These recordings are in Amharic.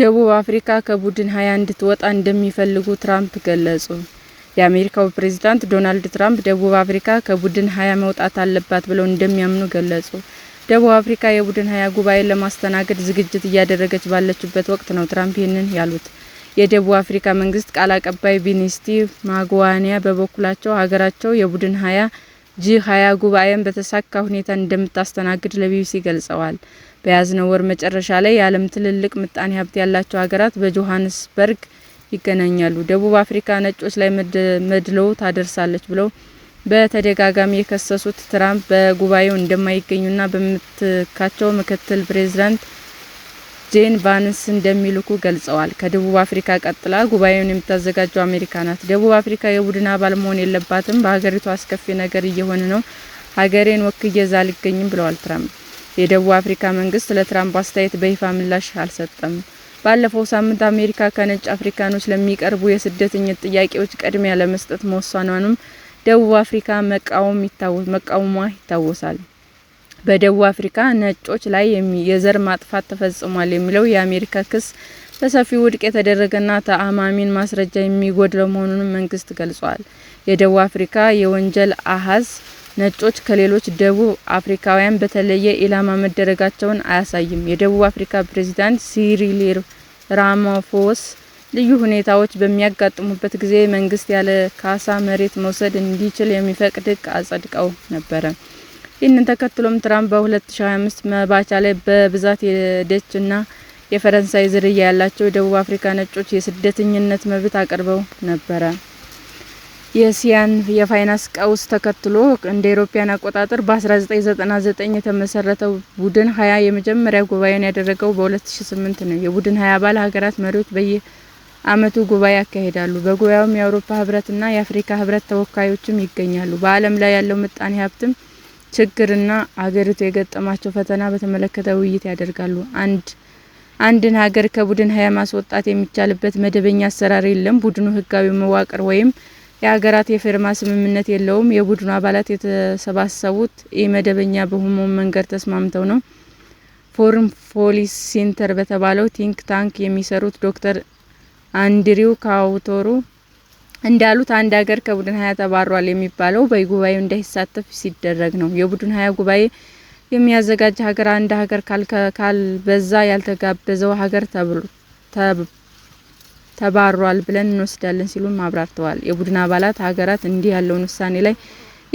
ደቡብ አፍሪካ ከቡድን ሀያ እንድትወጣ እንደሚፈልጉ ትራምፕ ገለጹ። የአሜሪካው ፕሬዚዳንት ዶናልድ ትራምፕ ደቡብ አፍሪካ ከቡድን ሀያ መውጣት አለባት ብለው እንደሚያምኑ ገለጹ። ደቡብ አፍሪካ የቡድን ሀያ ጉባኤ ለማስተናገድ ዝግጅት እያደረገች ባለችበት ወቅት ነው ትራምፕ ይህንን ያሉት። የደቡብ አፍሪካ መንግስት ቃል አቀባይ ቢኒስቲ ማጓዋኒያ በበኩላቸው ሀገራቸው የቡድን ሀያ ጂ ሀያ ጉባኤን በተሳካ ሁኔታ እንደምታስተናግድ ለቢቢሲ ገልጸዋል። በያዝነው ወር መጨረሻ ላይ የዓለም ትልልቅ ምጣኔ ሀብት ያላቸው ሀገራት በጆሀንስበርግ ይገናኛሉ። ደቡብ አፍሪካ ነጮች ላይ መድልዎ ታደርሳለች ብለው በተደጋጋሚ የከሰሱት ትራምፕ በጉባኤው እንደማይገኙና በምትካቸው ምክትል ፕሬዚዳንት ጄን ቫንስ እንደሚልኩ ገልጸዋል። ከደቡብ አፍሪካ ቀጥላ ጉባኤውን የምታዘጋጀው አሜሪካ ናት። ደቡብ አፍሪካ የቡድን አባል መሆን የለባትም። በሀገሪቱ አስከፊ ነገር እየሆነ ነው። ሀገሬን ወክዬ እዛ አልገኝም ብለዋል ትራምፕ። የደቡብ አፍሪካ መንግስት ለትራምፕ አስተያየት በይፋ ምላሽ አልሰጠም። ባለፈው ሳምንት አሜሪካ ከነጭ አፍሪካኖች ለሚቀርቡ የስደተኝነት ጥያቄዎች ቅድሚያ ለመስጠት መወሰኗንም ደቡብ አፍሪካ መቃወሟ ይታወሳል። በደቡብ አፍሪካ ነጮች ላይ የዘር ማጥፋት ተፈጽሟል የሚለው የአሜሪካ ክስ በሰፊው ውድቅ የተደረገና ተአማሚን ማስረጃ የሚጎድለው መሆኑንም መንግስት ገልጿል። የደቡብ አፍሪካ የወንጀል አሀዝ ነጮች ከሌሎች ደቡብ አፍሪካውያን በተለየ ኢላማ መደረጋቸውን አያሳይም። የደቡብ አፍሪካ ፕሬዚዳንት ሲሪል ራማፎስ ልዩ ሁኔታዎች በሚያጋጥሙበት ጊዜ መንግስት ያለ ካሳ መሬት መውሰድ እንዲችል የሚፈቅድ ሕግ አጸድቀው ነበረ። ይህንን ተከትሎም ትራምፕ በ2025 መባቻ ላይ በብዛት የደች እና የፈረንሳይ ዝርያ ያላቸው የደቡብ አፍሪካ ነጮች የስደተኝነት መብት አቅርበው ነበረ። የሲያን የፋይናንስ ቀውስ ተከትሎ እንደ ኤሮፓያን አቆጣጠር በ1999 የተመሰረተው ቡድን ሀያ የመጀመሪያ ጉባኤውን ያደረገው በ2008 ነው። የቡድን ሀያ አባል ሀገራት መሪዎች በየ አመቱ ጉባኤ ያካሂዳሉ። በጉባኤውም የአውሮፓ ህብረትና የአፍሪካ ህብረት ተወካዮችም ይገኛሉ። በዓለም ላይ ያለው ምጣኔ ሀብትም ችግርና አገሪቱ የገጠማቸው ፈተና በተመለከተ ውይይት ያደርጋሉ። አንድ አንድን ሀገር ከቡድን ሀያ ማስወጣት የሚቻልበት መደበኛ አሰራር የለም። ቡድኑ ህጋዊ መዋቅር ወይም የሀገራት የፌርማ ስምምነት የለውም። የቡድኑ አባላት የተሰባሰቡት ኢመደበኛ በሆነው መንገድ ተስማምተው ነው። ፎሪን ፖሊሲ ሴንተር በተባለው ቲንክ ታንክ የሚሰሩት ዶክተር አንድሪው ካውቶሩ እንዳሉት አንድ ሀገር ከቡድን ሀያ ተባሯል የሚባለው በጉባኤው እንዳይሳተፍ ሲደረግ ነው። የቡድን ሀያ ጉባኤ የሚያዘጋጅ ሀገር አንድ ሀገር ካልበዛ ያልተጋበዘው ሀገር ተብሎ ተባሯል ብለን እንወስዳለን ሲሉም አብራርተዋል። የቡድን አባላት ሀገራት እንዲህ ያለውን ውሳኔ ላይ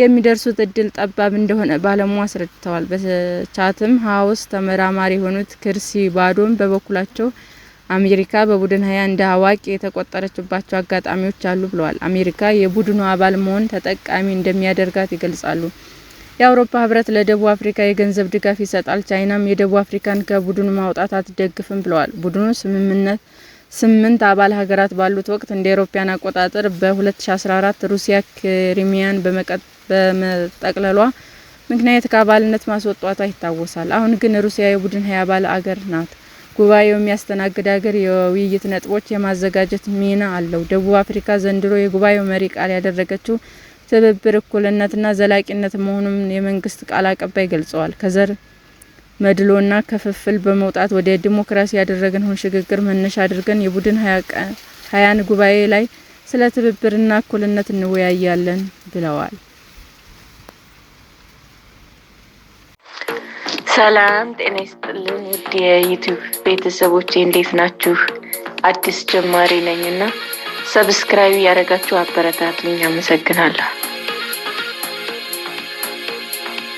የሚደርሱት እድል ጠባብ እንደሆነ ባለሙ አስረድተዋል። በቻትም ሀውስ ተመራማሪ የሆኑት ክርሲ ባዶም በበኩላቸው አሜሪካ በቡድን ሀያ እንደ አዋቂ የተቆጠረችባቸው አጋጣሚዎች አሉ ብለዋል። አሜሪካ የቡድኑ አባል መሆን ተጠቃሚ እንደሚያደርጋት ይገልጻሉ። የአውሮፓ ህብረት ለደቡብ አፍሪካ የገንዘብ ድጋፍ ይሰጣል። ቻይናም የደቡብ አፍሪካን ከቡድኑ ማውጣት አትደግፍም ብለዋል። ቡድኑ ስምምነት ስምንት አባል ሀገራት ባሉት ወቅት እንደ አውሮፓውያን አቆጣጠር በ2014 ሩሲያ ክሪሚያን በመጠቅለሏ ምክንያት ከአባልነት ማስወጣቷ ይታወሳል። አሁን ግን ሩሲያ የቡድን ሀያ አባል አገር ናት። ጉባኤው የሚያስተናግድ ሀገር የውይይት ነጥቦች የማዘጋጀት ሚና አለው። ደቡብ አፍሪካ ዘንድሮ የጉባኤው መሪ ቃል ያደረገችው ትብብር፣ እኩልነትና ዘላቂነት መሆኑን የመንግስት ቃል አቀባይ ገልጸዋል። ከዘር መድሎና ክፍፍል በመውጣት ወደ ዲሞክራሲ ያደረገውን ሽግግር መነሻ አድርገን የቡድን ሀያን ጉባኤ ላይ ስለ ትብብርና እኩልነት እንወያያለን ብለዋል። ሰላም ጤና ይስጥልን ውድ የዩቲዩብ ቤተሰቦች እንዴት ናችሁ? አዲስ ጀማሪ ነኝና ሰብስክራይብ ያደረጋችሁ አበረታቱኝ። አመሰግናለሁ።